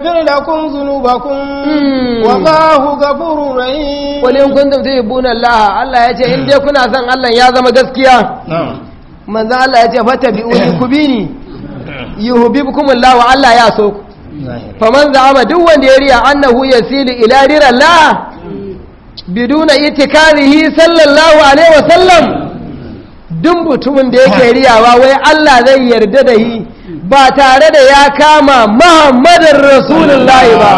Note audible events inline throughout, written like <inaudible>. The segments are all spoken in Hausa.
يغفر لكم ذنوبكم والله غفور رحيم قل ان كنتم تحبون الله الله yace in dai kuna son Allah ya zama gaskiya manzo Allah yace fatabi'uni kubini yuhibbukum Allah wa Allah ya so ku faman za'ama duk wanda ya riya annahu yasilu ila dirillah biduna itikarihi sallallahu alaihi sallam. duk mutumin da yake riyawa wai Allah zai yarda da yi ba tare da ya kama Muhammadin Rasulullahi ba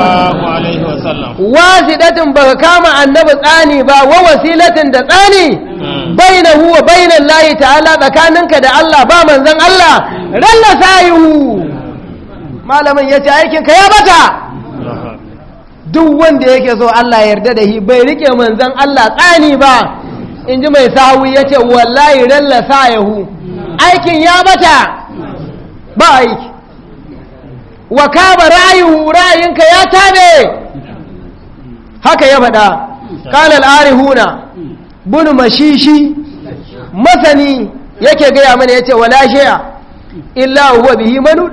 wasidatin ba ka kama annabi tsani ba wa wasilatin da tsani hmm. Baina huwa bainan layi ta'ala tsakaninka da Allah ba manzan Allah ralla sayihu malamin yace aikin ka ya bata duk wanda yake so Allah yarda da shi bai rike manzon Allah tsani ba in ji mai sahawi ya ce wallahi ralla sa hu aikin ya mata ba aiki wa kaba rayu rayinka ya tabe haka ya faɗa ƙalal arihuna bunu mashishi masani yake gaya mana ya ce wa lashiya illa huwa bihi manu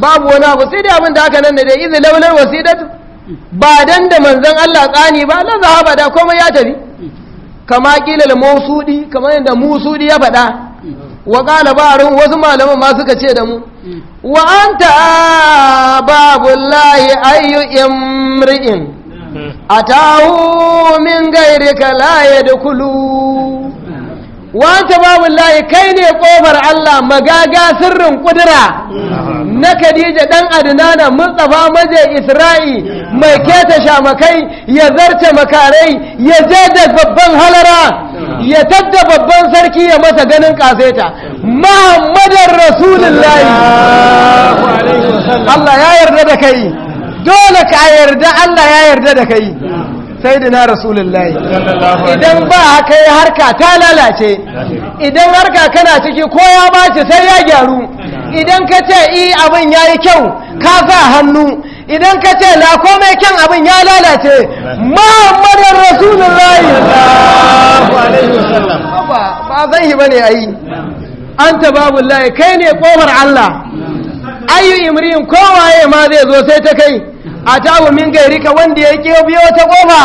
babu wani abu sai dai abin da aka nan da dai izi laular wasidatu ba dan da manzon Allah tsani ba la zahaba da komai ya tafi kama ƙilal mausudi kamar yadda musudi ya faɗa wa ƙala barun wasu malaman ma suka ce da mu wa an babullahi ayyu imri'in a tahu min gairi ka da kulu babu babullahi kai ne ƙofar Allah magaga sirrin ƙudura na Khadija ɗan adinana mustapha maje isra'i mai keta shamakai ya zarce makarai ya je da babban halara ya tadda babban sarki ya masa ganin kaseta muhammadin rasulullahi Allah ya yarda da kai dole ka yarda Allah ya yarda da kai sai dina rasulullahi idan ba haka yi harka ta lalace idan harka kana ciki ko ya bace sai ya gyaru idan ka ce iya abin ya yi kyau ka sa hannu idan ka ce la komai kyan abin ya lalace rasulun rayu ba zan yi ba ne a an ta babu layi. kai ne komar allah ayu imrin kowaye ma zai zo sai ta kai a tawo min ka wanda ya ke biyo ta ƙofa?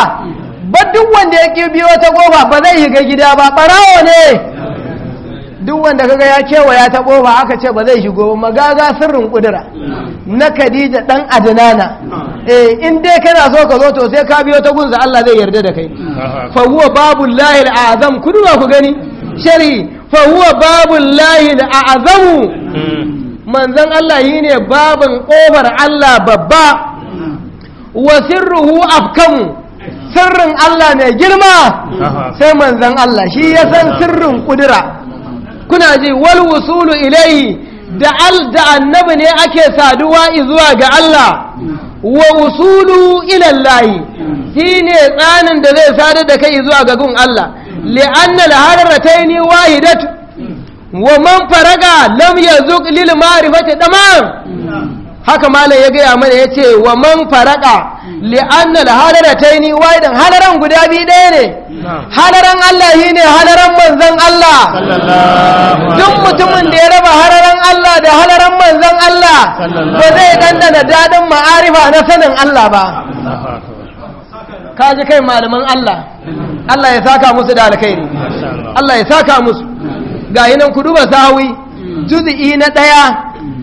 ba duk wanda ya ke biyo ta ƙofa ba zai yi ga gida ba ɓarawo ne duk wanda kaga ya ya ta ba aka ce ba zai shigo magaga sirrin kudura na Khadija dan Adnana eh in dai kana so ka zo to sai ka biyo ta gunza Allah zai yarda da kai fa huwa babul lahi azam kudura ku gani shari fa huwa babul lahi azam manzon Allah yine babin kofar Allah babba wa sirruhu afkam sirrin Allah mai girma sai manzon Allah shi ya san sirrin kudura kuna ji wal wusulu ilayhi da al da annabi ne ake saduwa zuwa ga Allah wa wusulu ila Allah shine tsanin da zai sadar da kai zuwa ga gun Allah li'anna al-harratayn wahidat wa man faraga lam yazuq lil ma'rifati tamam haka malai ya gaya mana yace wa man faraga li'anna al-halarataini wahidan halaran guda biyu ɗaya ne halaran Allah ne halaran manzon Allah duk mutumin da ya raba halaran Allah da halaran manzon Allah ba zai dandana dadin ma'arifa na sanin Allah ba kaji kai malaman Allah Allah ya saka musu da alkhairi Allah ya saka musu ga nan ku duba sahawi juz'i na ɗaya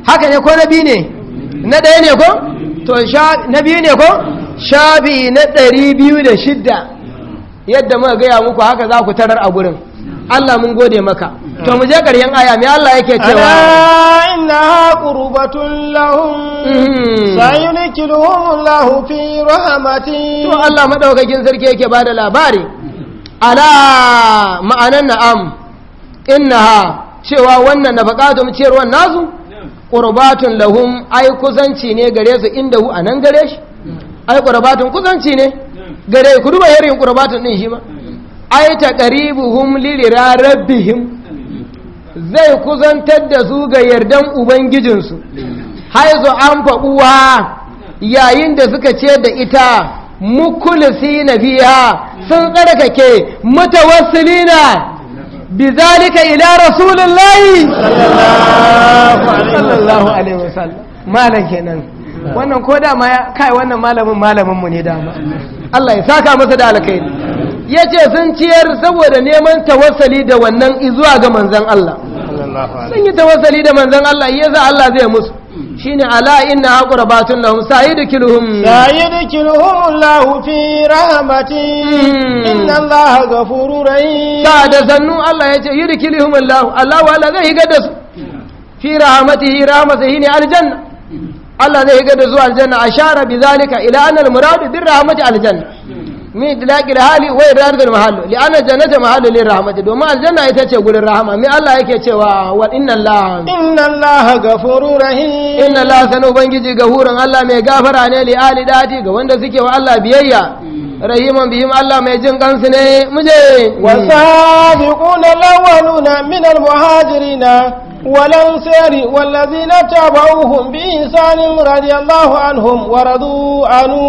haka ne ko na biyu ne na ɗaya ne ko to sha na biyu ne ko shafi na ɗari biyu da shidda yadda muka gaya muku haka za ku tarar a gurin Allah mun gode maka to mu je ƙaryen aya mai Allah yake cewa inna qurbatun lahum mhm. sayunikiluhum lahu fi rahmati to Allah madaukakin sarki yake bada labari ala ma'anan na'am innaha cewa wannan na buƙatar wannan nasu qurbatun lahum ai kuzanci ne gare su inda hu anan gare shi ai qurbatun kusanci ne gare ku duba yarin qurbatun din shi ma ai taqribuhum lilira rabbihim zai kuzantar da su ga yardan ubangijinsu haizu an uwa, yayin da suka ce da ita mukulisi na sun tsarkake mutawassilina bizalika ila rasulullahi sallallahu alaihi wasallam malam kenan wannan ko dama ya kai wannan malamin malamin mu ne dama Allah ya saka masa da alkai ya ce sun ciyar saboda neman tawassali da wannan izuwa ga manzan Allah sun yi tawassali da manzan Allah ya za Allah zai musu shine ala inna aqrabatun lahum sayyidukiluhum sayyidukiluhum Allahu fi rahmati hmm. inna Allaha ghafurur rahim sa da sannu Allah yace yudkiluhum Allahu Allahu Allah zai higa da su fi rahmatihi rahmatihi ne aljanna Allah zai ga da zuwa aljanna ashara bi zalika ila anna al murad bir rahmati janna mi idlaqi al hali wa idrad al mahall li anna jannata mahallu lir rahmati domin aljanna ita ce gurin rahama mi Allah yake cewa wa inna Allah inna Allah ghafurur rahim inna Allah sanu bangiji gahurin Allah mai gafara ne li ali dati ga wanda suke wa Allah biyayya rahiman bihim Allah mai jin kansu ne muje wasabiquna lawaluna min al muhajirina والأنصار والذين تابعوهم بإنسان رضي الله عنهم ورضوا عنه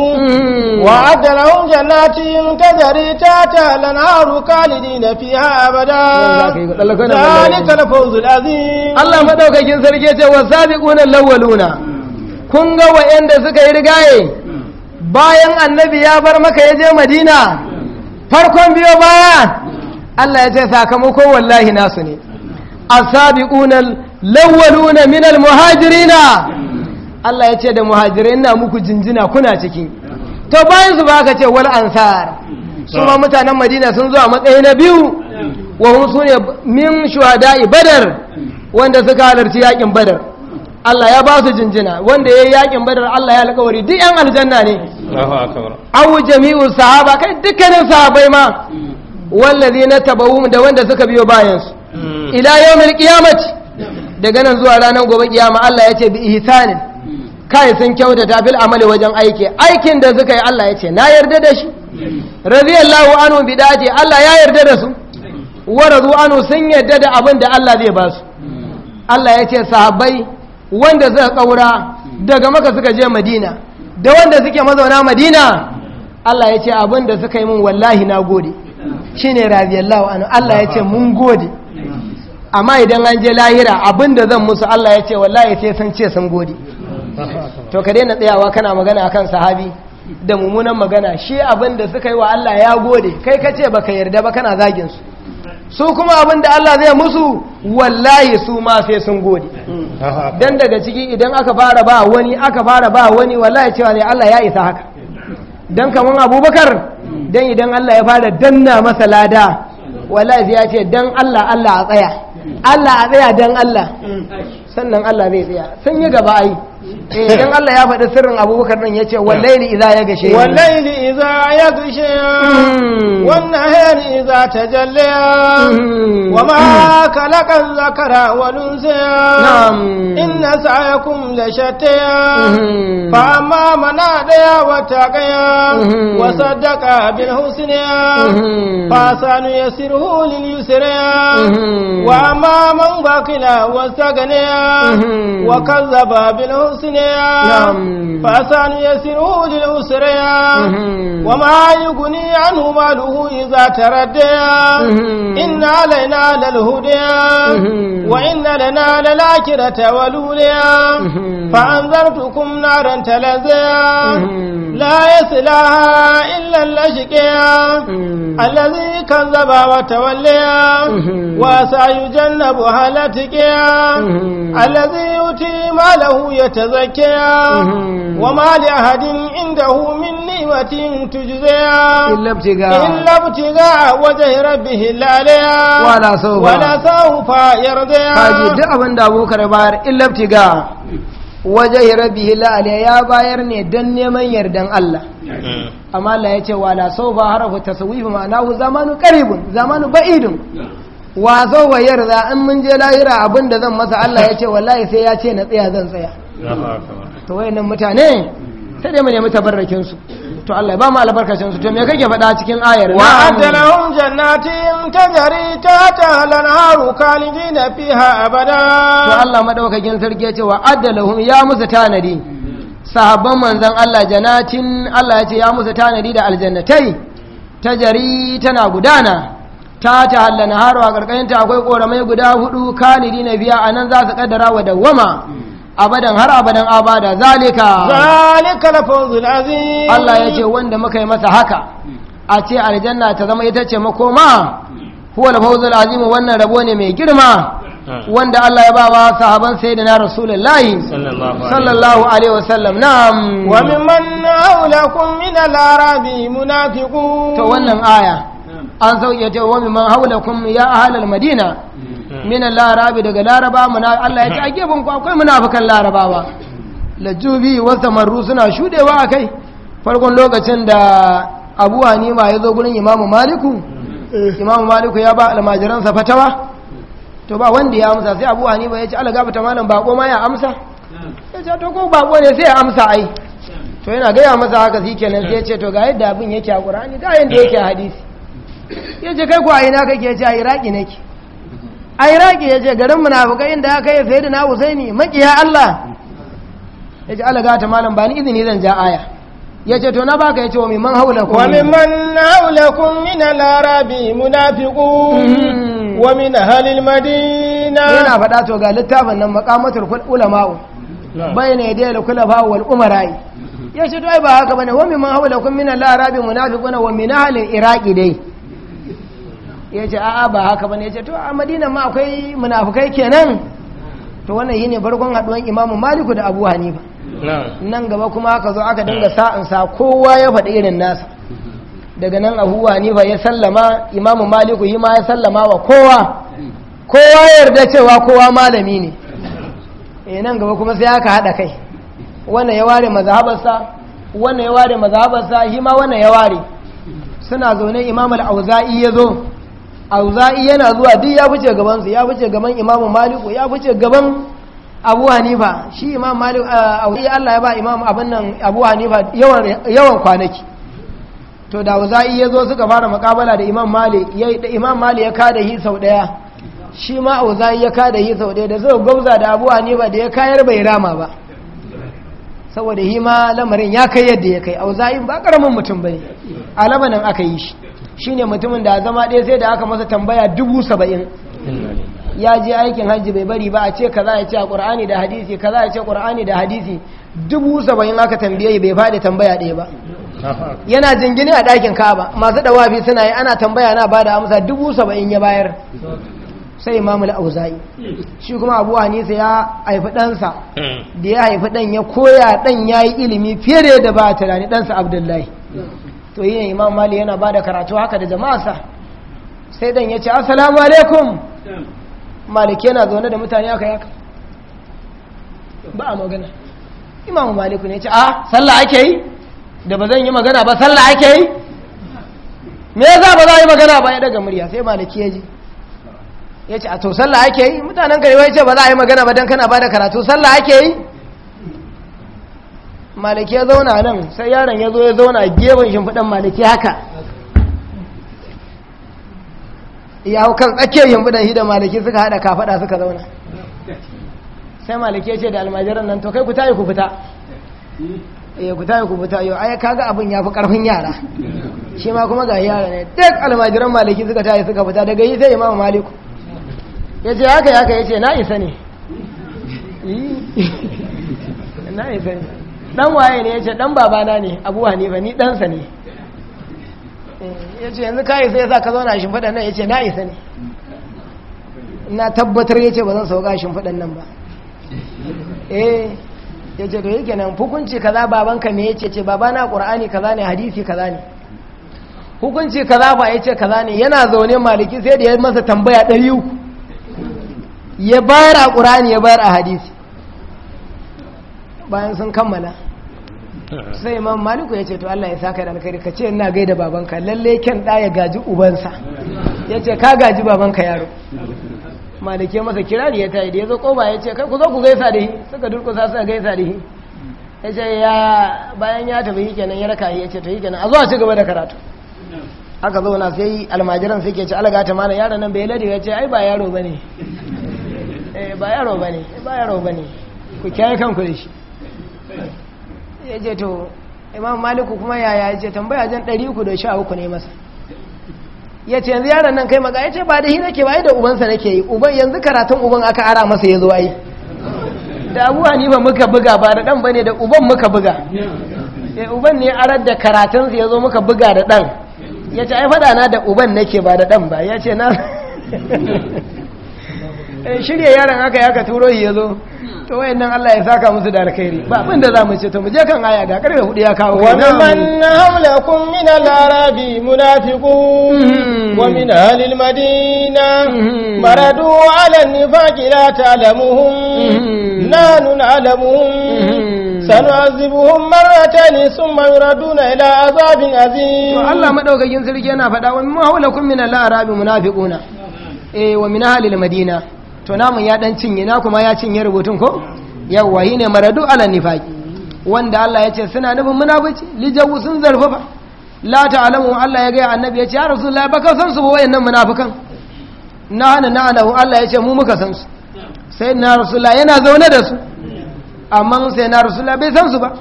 وأعد لهم جنات تجري تاتا الأنهار خالدين فيها أبدا ذلك الفوز العظيم الله يجن سركيتي والسابقون الأولون kun ga wa'yanda suka yi rigaye bayan annabi ya bar maka ya je madina farkon biyo baya Allah ya السابقون na من المهاجرين Allah ya ce da muhajirai ina muku jinjina kuna ciki to bayan su baka ce wal ansar su ma mutanen madina sun zo a matsayi na biyu wa hum sune min shuhada'i ibadar wanda suka halarci yakin badar Allah ya ba su jinjina wanda ya yi yakin badar Allah ya alkawari duk yan aljanna ne awu jami'u sahaba kai dukkanin sahabai ma wallazi na tabawum da wanda suka biyo bayansu Mm. ila yawmil qiyamati daga nan zuwa ranar gobe kiyama Allah ya ce bi ihsanin kai sun kyauta ta fil amali wajen aiki aikin da suka yi Allah ya ce na yarda da shi radiyallahu anhu bi dace Allah ya yarda da su wa radu anhu sun yarda da abin da Allah zai ba su Allah ya ce sahabbai wanda suka kaura daga maka suka je madina da wanda suke mazauna madina Allah ya ce abin da suka yi mun wallahi na gode shine radiyallahu anhu Allah ya ce mun gode amma idan an je lahira abinda zan musu Allah ya ce wallahi sai sun ce sun gode to ka daina tsayawa kana magana akan sahabi da mummunan magana shi abinda suka yi wa Allah ya gode kai ka ce baka yarda ba kana zagin su su kuma abinda Allah zai musu wallahi su ma sai sun gode dan daga ciki idan aka fara ba wani aka fara ba wani wallahi cewa ne Allah ya isa haka dan kaman Abubakar dan idan Allah ya fara danna masa lada wallahi ya ce dan Allah Allah a tsaya Allah a tsaya dan Allah sannan Allah zai tsaya sun yi gaba ai Eh. idan Allah ya faɗi sirrin abubakar nan ya ce wallaili iza ya gashe wallaili iza ya gashe hmm. wannan hayar jalle ya hmm. wa ma hmm. kalakan zakara wal ya inna kum da shatta fa amma man adaya wa taqaya wa saddaqa bil ya fa sanu yasiruhu lil yusra wa amma man baqila wa sagana wa kazzaba bil husna الدنيا نعم فسنيسره يا وما يغني عنه ماله إذا تردى إن علينا للهدى لنا للآكرة والأولياء فأنذرتكم نارا تلزيا لا يسلاها إلا الأشقياء الذي كذب وتوليا وسيجنبها الأتقيا الذي يؤتي ماله يتزكيا وما لأحد عنده من نعمة تجزى إلا ابتغاء إلا ابتغاء وجه ربه الأعلى ولا سوف ولا سوف يرضى حاجي دع من دابو كربار إلا ابتغاء وجه ربه الأعلى يا باير ني دن يردن الله أما الله يتي ولا سوف حرف التسويف معناه زمان قريب زمان بعيد wa zo wa yarda in mun je lahira abinda zan masa Allah ya ce wallahi sai ya ce na tsaya zan tsaya to wayannan mutane sai dai mu nemi tabarrakin su to Allah ba mu albarkacin su to me kake faɗa cikin ayar wa adalahum jannatin tajri ta talanharu khalidina fiha abada to Allah madaukakin sarki ya ce wa adalahum ya musu tanadi sahabban manzon Allah janatin Allah ya ce ya musu tanadi da aljannatai tajri tana gudana ta ta hallana haro a karkashin ta akwai koramai guda hudu na biya anan za su kaddara wa dawwama abadan har abadan abada zalika zalika lafzul azim Allah yace wanda muka yi masa haka a ce aljanna ta zama ita ce makoma huwa lafzul azim wannan rabo ne mai girma wanda Allah ya ba wa sahaban sayyidina rasulullahi sallallahu alaihi wasallam na'am wa mimman haulakum min al-arabi munafiqun to wannan aya an sauke ta wa mimman haulakum ya ahlal madina minan larabi daga laraba muna Allah ya ce a gefen ku akwai munafikan larabawa lajubi wa samarru suna shudewa a kai farkon lokacin da abu hanima ya zo gurin imamu maliku imamu maliku ya ba almajiransa fatawa to ba wanda ya amsa sai abu hanima ya ce ala gafata malam bako ma ya amsa ya ce to ko bako ne sai ya amsa ai to yana gaya masa haka shi kenan sai ya ce to ga yadda abin yake a ƙur'ani da yadda yake a hadisi ya ce kai ko a ina kake ya ce a iraki nake a iraki ya ce garin munafukai inda aka yi sai na husaini makiya allah ya ce ala gata malam ba ni izini zan ja aya ya ce to na baka ya ce wa mimman haulakun wa mimman haulakun min al-arabi munafiku hmm. wa min halil madina yana faɗa to ga littafin nan maqamatul ulama'u bayna yadayhi kula ba wal umara'i ya ce to ai ba haka bane wa mimman haulakun min al-arabi munafiqun wa min halil iraki dai ya ce a'a ba haka bane ya ce to a madina ma akwai munafukai kenan to wannan ne barkon haɗuwan imamu maliku da abu hanifa nan gaba kuma aka zo aka dinga sa'in sa kowa ya faɗi irin nasa daga nan abu hanifa ya sallama imamu maliku yi ma ya sallama wa kowa kowa yarda cewa kowa malami ne eh nan gaba kuma sai aka haɗa kai wannan ya ware mazhabarsa wannan ya ware mazhabarsa shi ma wannan ya ware suna zaune imamul al-auza'i ya zo auza'i yana zuwa duk ya fice gaban su ya fice gaban imam maliku ya fice gaban abu hanifa shi imam maliku auza'i Allah ya ba imam abin nan abu hanifa yawan kwanaki to da auza'i ya zo suka fara makabala da imam malik ya da imam malik ya kada hi sau daya shi ma auza'i ya kada hi sau daya da zai gauza da abu hanifa da ya kayar bai rama ba saboda hima lamarin ya kai yadda ya kai auza'i ba karamin mutum ne a labanin aka yi shi Shi ne mutumin da zama ɗaya sai da aka masa tambaya dubu saba'in ya je aikin hajji bai bari ba a ce kaza ya ce a ƙur'ani da hadisi kaza ya ce ƙur'ani da hadisi dubu saba'in aka tambaye bai fada tambaya ɗaya ba yana jingini a ɗakin kaba masu ɗawafi suna yi ana tambaya na ba da amsa dubu saba'in ya bayar sai mamali auza'i shi kuma abu hanisa ya haifi ɗansa da ya haifi ɗan ya koya ɗan ya yi ilimi fiye da ba a tunani ɗansa abdullahi to yi imam mali yana ba da karatu haka da sa sai dan ya ce assalamu alaikum maliki yana zaune da mutane haka yaka ba a magana imam maliku ne ya ce a ah, sallah ake yi da ba zan yi magana ba sallah ake yi me za ba za a yi magana ba ya daga murya sai maliki ya ji ya ce a to sallah ake yi mutanen karewa ya ce ba za a yi magana ba don kana ba da karatu sallah ake yi maliki ya zauna nan sai yaron ya zo ya zauna gefen shimfiɗan maliki haka ya hau kan tsakiyar shimfiɗan shi da maliki suka haɗa kafaɗa suka zauna sai maliki ya ce da almajiran nan to kai ku tayi ku fita ya eh, ku tayi ku fita yau ai kaga abin ya fi ƙarfin yara shi ma kuma ga yara ne duk almajiran maliki suka tayi suka fita daga yi sai imamu maliku ya ce haka haka ya ce na isa ne <laughs> na isa ne dan waye ne ya ce dan babana ne abu hanifa ni ɗansa ne ya ce yanzu kayi sai ya sa ka zauna a shimfiɗan nan ya ce na isa ne na tabbatar ya ce ba zan sauka a shimfiɗan nan ba eh ya ce to yake nan hukunci kaza babanka me ya ce ce babana ƙur'ani kaza ne hadisi kaza ne hukunci kaza ba ya ce kaza ne yana zaune maliki sai da ya masa tambaya ɗari uku ya bayar a ƙura'ani ya bayar a hadisi bayan sun kammala sai imam maliku ya ce to Allah ya saka da alkari ka ce ina gaida babanka lalle kyan da ya gaji ubansa ya ce ka gaji babanka yaro malike masa kirari ya tayi da ya zo koba ya ce kai ku zo ku gaisa da shi suka durkusa suka gaisa da shi ya ce ya bayan ya tafi yi kenan ya raka ya ce to yi kenan a zo a ci gaba da karatu aka zauna sai almajiran suke ce alaga ta mana yaron nan bai lade ya ce ai ba yaro bane eh, ba yaro bane ba yaro bane ku kiyaye kanku da shi ya to imam maliku kuma yaya ya ce tambaya jan 313 ne masa ya ce yanzu yaron nan kai maga ya ce ba da shi ke ba ai da ubansa nake yi uban yanzu karatun uban aka ara masa ya zo ayi da ni ba muka buga ba da dan bane da uban muka buga ya eh, uban ne arar da su ya zo muka buga da dan ya ce ai fada na da uban nake ba da dan ba ya ce na <laughs> eh, shirya yaron aka ya ka turo shi ya zo to nan Allah ya saka musu da alkhairi ba abin da zamu ce to mu je kan aya ga karfe hudu ya kawo wa man hamlakum min al-arabi munafiqu hmm. wa min ahli al-madina hmm. maradu ala an-nifaqi la ta'lamuhum hmm. nanu na'lamuhum sanu'azibuhum marratayn thumma yuraduna ila azabin azim to Allah madaukakin sarki yana faɗa wa min hawlakum min al-arabi munafiquna eh wa min ahli al-madina to namun ya dan cinye na kuma ya cinye rubutun ko yawwa yi ne maradu ala nifaki wanda Allah ya ce suna nufin munafici lijawu sun zarfa ba. la ta'lamu Allah ya ga annabi ya ce ya rasulullahi baka san su ba wayannan munafikan na hana na anahu Allah ya ce mu muka san su sai na rasulullahi yana zaune da su amma sai na rasulullahi bai san su ba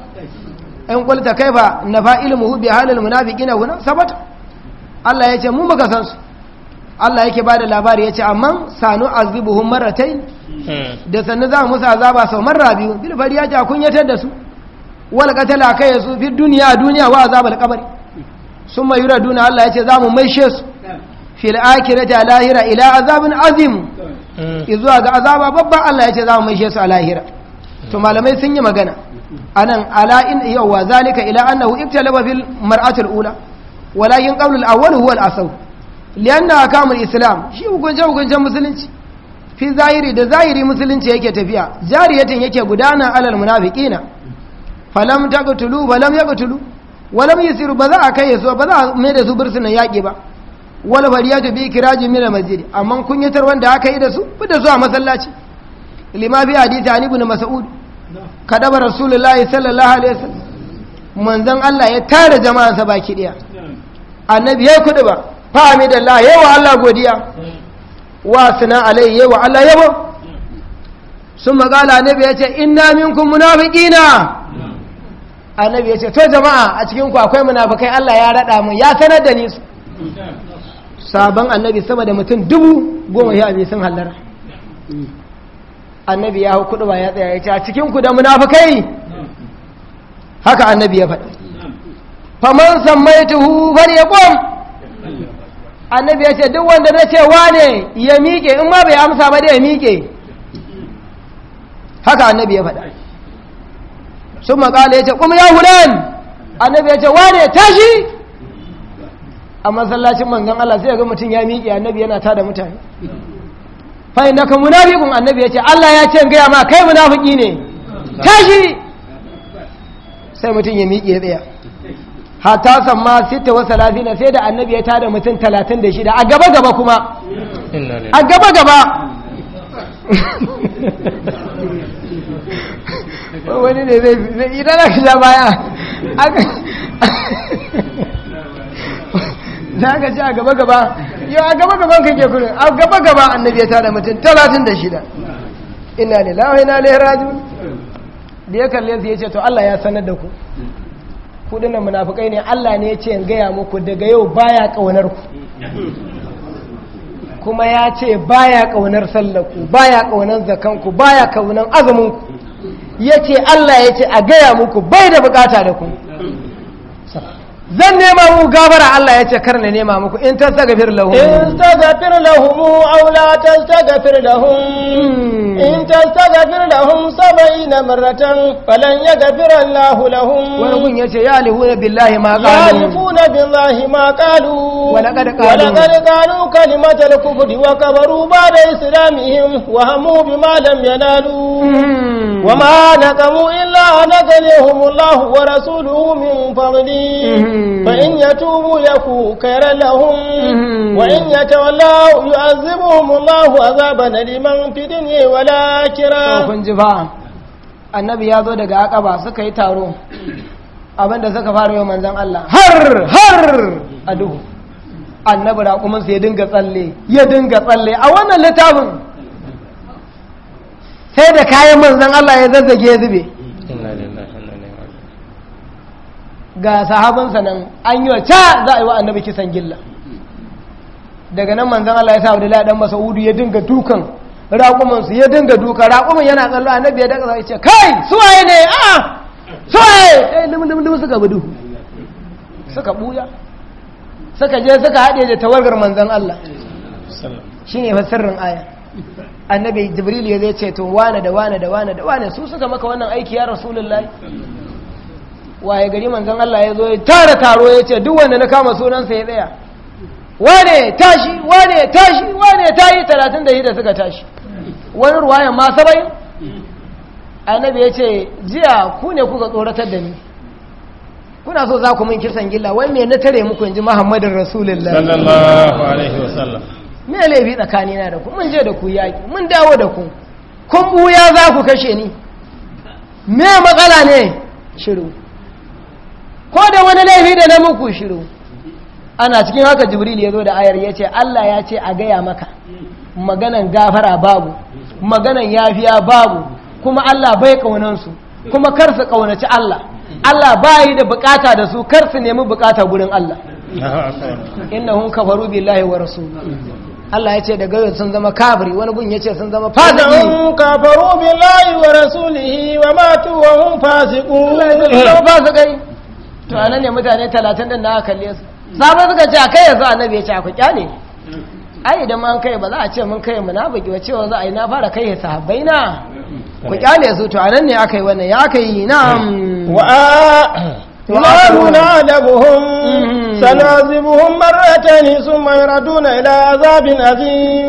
in kulta kaifa nafa ilmuhu bi halil munafiqina huna sabata Allah ya ce mu muka san su Allah yake ba da labari ya ce amma sanu azibuhum marratain hmm. da sannu za musu azaba sau marra biyu ya ce a kunyatar da su wal qatala kai su fi duniya duniya wa azabal qabr summa yuraduna Allah ce za mu maishe su fil akhirati lahira ila azabin azim hmm. izuwa ga azaba babba Allah ce za mu maishe su a lahira to malamai sun yi magana anan ala in yawa zalika ila annahu ibtalaba fil mar'atil ula walakin qawlul awwal huwa al asaw liyanna akamul islam shi hukunce hukuncen musulunci fi zahiri da zahiri musulunci yake tafiya jariyatin yake gudana alal munafiqina falam taqtulu falam yaqtulu walam yasiru ba za a kai su ba za a mai da su bursunan yaƙi ba wal fariyatu bi kirajin min masjid amma kunyatar wanda aka yi da su fi da su a masallaci lima fi hadisi an ibn mas'ud kadaba rasulullahi sallallahu alaihi wasallam manzon Allah ya tare jama'ansa baki daya annabi ya kudu ba Allah yawa Allah godiya hmm. wa suna alai yawa Allah yabo hmm. sun magala annabi ya ce inna minkum munafiqina hmm. annabi ya ce to jama'a a cikin ku akwai munafikai Allah ya rada mun ya sanar da ni sabon annabi sama da mutum dubu goma ya biyu sun hallara annabi ya hau kudu ba ya tsaya ya ce a cikin ku da munafikai haka annabi ya faɗi faman ya ƙwam annabi ya ce duk wanda na ce wane ya miƙe in ma bai amsa ba da ya miƙe haka annabi ya faɗa sun maƙala ya ce kuma ya hulen annabi ya ce wane tashi a masallacin mangan Allah sai ga mutum ya miƙe annabi yana tada mutane fai na ka munafikun annabi ya ce Allah ya ce gaya ma kai munafiki ne tashi sai mutum ya miƙe tsaye hatta samma sita wa salatina sai da annabi ya tada mutum talatin da shida a gaba gaba kuma a gaba gaba wani ne zai idan aka sha baya za ka ci a gaba gaba yau a gaba gaban kake kuri a gaba gaba annabi ya tada mutum talatin da shida ina ne, lillahi na lillahi raju da ya kalle su ya ce to Allah ya sanar da ku kudinan munafukai ne Allah ne ya ce in gaya muku daga yau baya kaunar ku kuma ya ce baya kaunar sallaku baya kaunar zakanku baya kaunar azumin ku yace Allah yace a gaya muku bai da bukata da ku zan nema mu gabara. Allah ya ce kar na nema muku in ta tagafir lahum in tagafir lahum aw la tastagfir lahum in tastagfir lahum 70 marratan falan gafir Allah lahum wani kun yace ya alihuna billahi ma qalu ya alihuna billahi ma qalu wa laqad qalu wa laqad kufri wa kabaru ba'da islamihim wa hamu bima lam yanalu hmm. وما نكموا إلا أن أغنيهم الله ورسوله من فضله فإن يتوبوا يكو خيرا لهم وإن يتولوا يعذبهم الله عذابا لمن في الدنيا والآخرة annabi ya zo daga akaba suka yi taro abinda suka fara wa manzan Allah har har a duhu annabi raƙumansu ya dinga tsalle ya dinga tsalle a wannan littafin sai da kayan manzan Allah ya zazzage ya zube ga sahabansa nan an yi wa ca za a yi wa annabi kisan gilla daga nan manzan Allah ya sa wadda masa masaudu ya dinga dukan raƙumansu ya dinga duka raƙumin yana tsallo annabi ya daga ce kai suwaye ne a ah, suwaye sai eh, limlimlim suka budu suka buya suka je suka haɗe da tawargar manzan Allah shi ne sirrin aya annabi jibril ya zai ce to wane da wane da wane da wane su suka maka wannan aiki ya rasulullahi waye gari manzon Allah ya zo ya tara taro ya ce duk wanda na kama sunansa ya tsaya wane tashi wane tashi wane tayi talatin da shida suka tashi wani ruwayan ma sabai annabi ya ce jiya ku ne kuka tsoratar da ni kuna so za ku min kisan gilla wai me na tare muku in ji muhammadin rasulullah sallallahu alaihi wasallam me laifi tsakanina da ku mun je da ku yaƙi mun dawo da ku kun buya za ku kashe ni me matsala ne shiru ko da wani laifi da na muku shiru ana cikin haka jibril ya zo da ayar ya ce allah ya ce a gaya maka maganan gafara babu maganan yafiya babu kuma allah bai ƙaunansu kuma kar su ƙaunaci allah allah bayi da bukata da su kar su nemi bukata gurin allah innahum kafaru billahi wa rasul Allah ya ce daga yau sun zama kafiri wani gun ya ce sun zama fasiki sun kafaru billahi wa rasulihi wa matu wa hum fasiqu sun fasikai to anan ne mutane 30 din da aka kalle su sabo suka ce akai yanzu annabi ya ce ku kyale ai idan ma an kai ba za a ce mun kai mu munafiki wa cewa za a yi na fara kai sahabbai na ku kyale su to anan ne aka wannan ya kai na wa الله نعذبهم سنعذبهم مرتين ثم يردون إلى عذاب أليم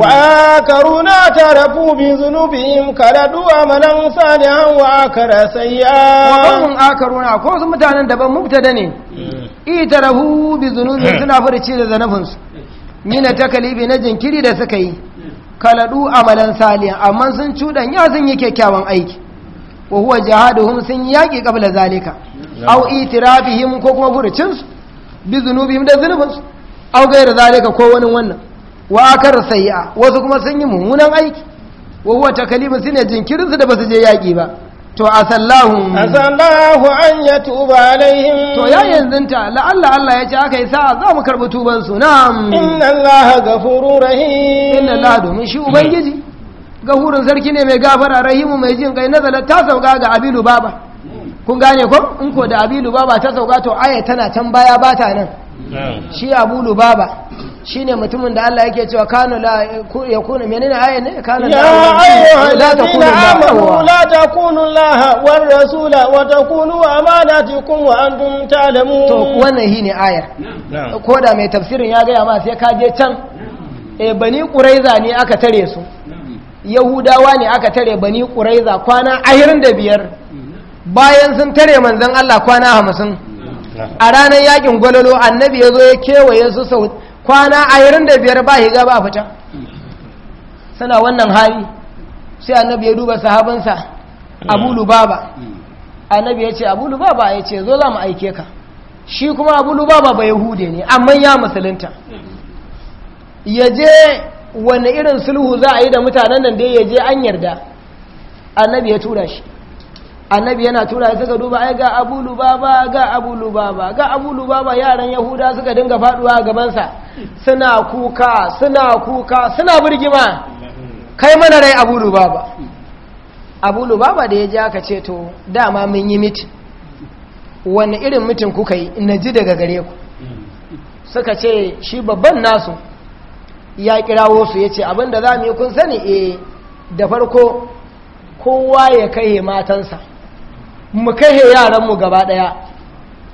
وآكرون اعترفوا بذنوبهم كردوا عملا صالحا وآكر سيئا وقوم آكرون أكون ثم تعالى دبا مبتدني اعترفوا بذنوبهم سنة فرشي ذنبهم من تكليب نجن كري دسكي كردوا عملا صالحا أما سنشودا يا سنيكي كاوان أيكي وهو جهادهم سنياكي قبل ذلك au itirafihim ko kuma su bi zunubihim da su. au gaira zalika ko wani wannan wa akar sayya wasu kuma sun yi mummunan aiki wa huwa takalimin sine jinkirin jinkirinsu da ba su je yaƙi ba to asallahu asallahu an yatuba alaihim to ya ta la Allah ya ce aka yi sa'a za mu karɓi tuban su na'am inna Allah gafuru rahim inna Allah domin shi ubangiji gafurun sarki ne mai gafara rahimu mai jin kai nazala ta sauka ga abilu baba kun gane ko in ko da abilu baba ta sauka to aya tana can baya ba ta nan shi abu baba shine mutumin da Allah yake cewa kanu la yakunu menene aya ne kanu la la takunu amanu la takunu Allah war rasul wa takunu amanatukum wa antum ta'lamun to wannan ne ayar ko da mai tafsirin ya ga ma sai ka je can eh bani quraiza ne aka tare su yahudawa ne aka tare bani quraiza kwana 25 bayan sun tare manzan Allah kwana hamsin a ranar yakin gwalolo annabi ya zo ya kewaye su sau kwana ayirin da biyar ba higa ba fita suna wannan hali sai annabi ya duba sahabinsa abu lubaba annabi ya ce abu lubaba ya ce zo za mu aike ka shi kuma abu lubaba ba yahude ne amma ya musulunta ya je wani irin sulhu za a yi da mutanen nan da ya je an yarda annabi ya tura shi annabi yana tura ya suka duba ai ga abu lubaba ga abu lubaba ga abu lubaba yaran yahuda suka dinga faduwa a gabansa suna kuka suna kuka suna birgima kai mana rai abu lubaba abu lubaba da ya ji aka ce to dama mun yi miti wani irin mitin kuka yi na ji daga gare ku suka ce shi babban nasu ya kirawo su ya ce abinda za mu yi kun sani e da farko kowa ya kai matansa mu kashe mu gaba ɗaya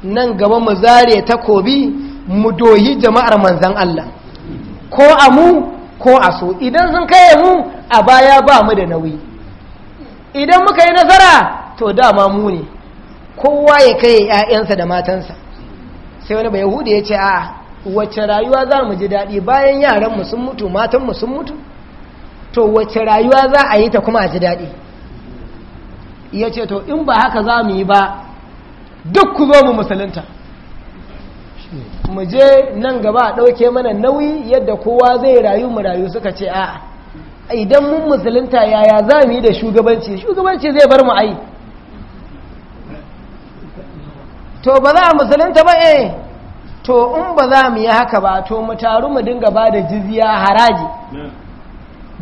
nan gaba mu zare takobi mu doyi jama'ar manzan Allah ko a mu ko a so idan sun kaye mu a baya ba mu da nauyi idan muka yi nasara to dama mu ne kowa ya kai 'ya'yansa da matansa sai wani bai hudu ya ce a wacce rayuwa za mu ji daɗi bayan yaranmu sun mutu matanmu sun mutu to wacce rayuwa za a yi ta kuma a ji daɗi ya ce to in ba haka za mu yi ba duk ku zo mu musulunta mu je nan gaba ɗauke mana nauyi yadda kowa zai rayu mu rayu suka ce a idan mun musulunta yaya za mu yi da shugabanci shugabanci zai bar mu ai to ba za a musulunta ba eh to in ba za mu yi haka ba to mu taru mu dinga ba da jizya haraji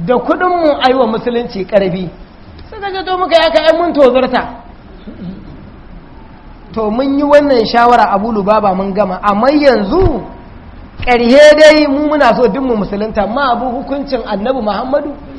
da kudinmu aiwa musulunci karbi sai daga to muka yaka yan mun tozarta to mun yi wannan shawara abu lubaba mun gama amma yanzu ƙarhe dai mu muna so duk mu musulunta ma abu hukuncin annabi muhammadu